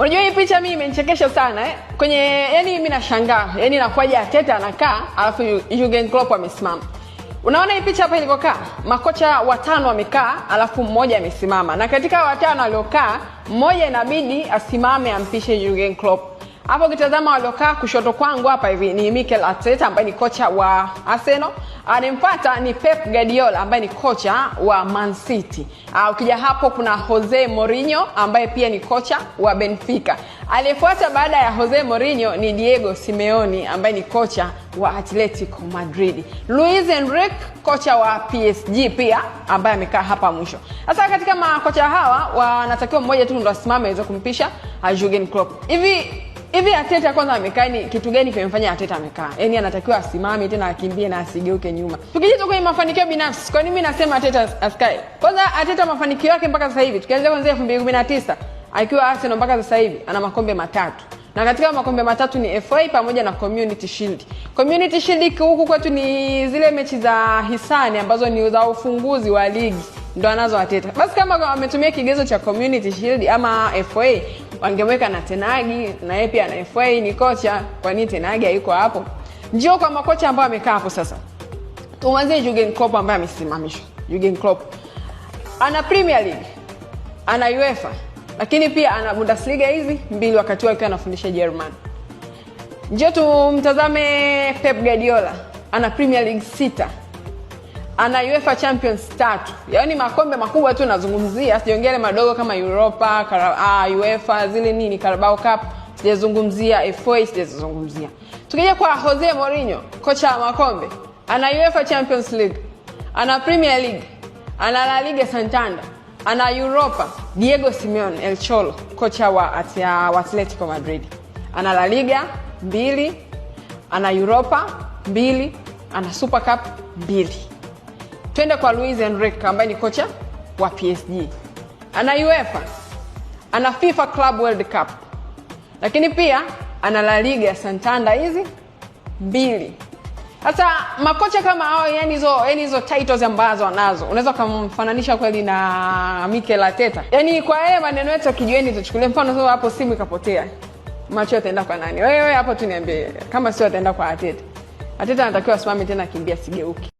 unajua hii picha mii imenichekesha sana eh? kwenye yani mi nashangaa yani nakuaja ateta anakaa alafu Jurgen Klopp amesimama unaona hii picha hapa ilivyokaa makocha watano wamekaa alafu mmoja amesimama na katika watano waliokaa mmoja inabidi asimame ampishe Jurgen Klopp hapo ukitazama waliokaa kushoto kwangu hapa hivi ni Mikel ateta ambaye ni kocha wa Arsenal anayempata ni Pep Guardiola ambaye ni kocha wa Man City. Uh, ukija hapo kuna Jose Mourinho ambaye pia ni kocha wa Benfica. Aliyefuata baada ya Jose Mourinho ni Diego Simeone ambaye ni kocha wa Atletico Madrid. Luis Enrique kocha wa PSG pia ambaye amekaa hapa mwisho. Sasa katika makocha hawa wanatakiwa mmoja tu ndo asimame aweze kumpisha ah, Jurgen Klopp. Hivi Hivi Ateta kwanza amekaa ni kitu gani kimemfanya Ateta amekaa? Yaani anatakiwa asimame tena akimbie na asigeuke nyuma. Tukijita kwenye mafanikio binafsi, kwa nini mimi nasema Ateta askai Kwanza Ateta mafanikio yake mpaka sasa hivi, tukianza kuanzia 2019 akiwa Arsenal mpaka sasa hivi ana makombe matatu. Na katika makombe matatu ni FA pamoja na Community Shield. Community Shield huku kwetu ni zile mechi za hisani ambazo ni za ufunguzi wa ligi ndo anazo Ateta. Basi kama ametumia kigezo cha Community Shield ama FA wangemweka na Tenagi, na yeye pia na FA ni kocha. Kwa nini Tenagi hayuko hapo? Njoo kwa makocha ambao amekaa hapo sasa. Tuanze Jurgen Klopp ambaye amesimamishwa. Jurgen Klopp ana Premier League, ana UEFA, lakini pia ana Bundesliga hizi mbili, wakati wake anafundisha German. Njoo tumtazame Pep Guardiola, ana Premier League sita ana UEFA Champions tatu, yaani makombe makubwa tu nazungumzia, sijaongea madogo kama Europa Kara, ah, UEFA zile nini Carabao Cup sijazungumzia, FA sijazungumzia. Tukija kwa Jose Mourinho, kocha wa makombe, ana UEFA Champions League, ana Premier League, ana La Liga Santander, ana Europa. Diego Simeone El Cholo, kocha wa atia, wa Atletico Madrid, ana La Liga mbili, ana Europa mbili, ana Super Cup mbili Twende kwa Luis Enrique ambaye ni kocha wa PSG, ana UEFA, ana FIFA Club World Cup, lakini pia ana La Liga ya Santanda hizi mbili. Sasa makocha kama hao, yani hizo yani hizo titles ambazo anazo, unaweza kumfananisha kweli na Mikel Arteta? Yani kwa yeye maneno yetu kijueni, tuchukulie mfano sasa, hapo simu ikapotea, macho yataenda kwa nani? Wewe hapo tu niambie, kama sio ataenda kwa Arteta. Arteta anatakiwa asimame tena, akimbia sigeuki.